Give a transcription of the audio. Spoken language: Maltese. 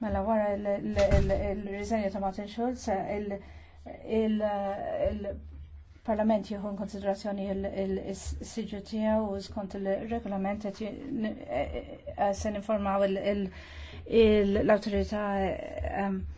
Mela wara il-riżenja ta' Martin Schulz, il-Parlament jieħu konsiderazzjoni il-siġu tiegħu u skont il-regolament qed e- e- e- se informaw l-awtorità